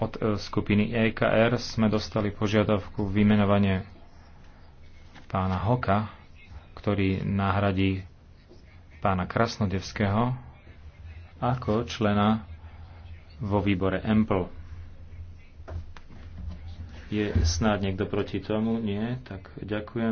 Od e, skupiny EKR sme dostali požiadavku vymenovanie pána Hoka, ktorý nahradí pána Krasnodevského ako člena vo výbore EMPL. Je snáď niekto proti tomu? Nie? Tak ďakujem.